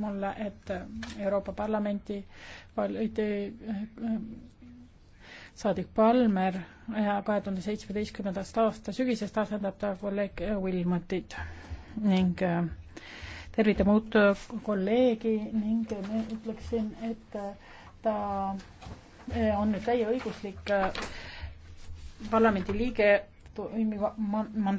mulle, et Euroopa Parlamenti valiti eh, saadik Palmer ja kahe tuhande seitsmeteistkümnendast aasta sügisest asendab ta kolleeg Wilmotit ning eh, tervitame uut kolleegi ning ütleksin, et eh, ta on nüüd täieõiguslik parlamendi liige toimiva mandaadiga.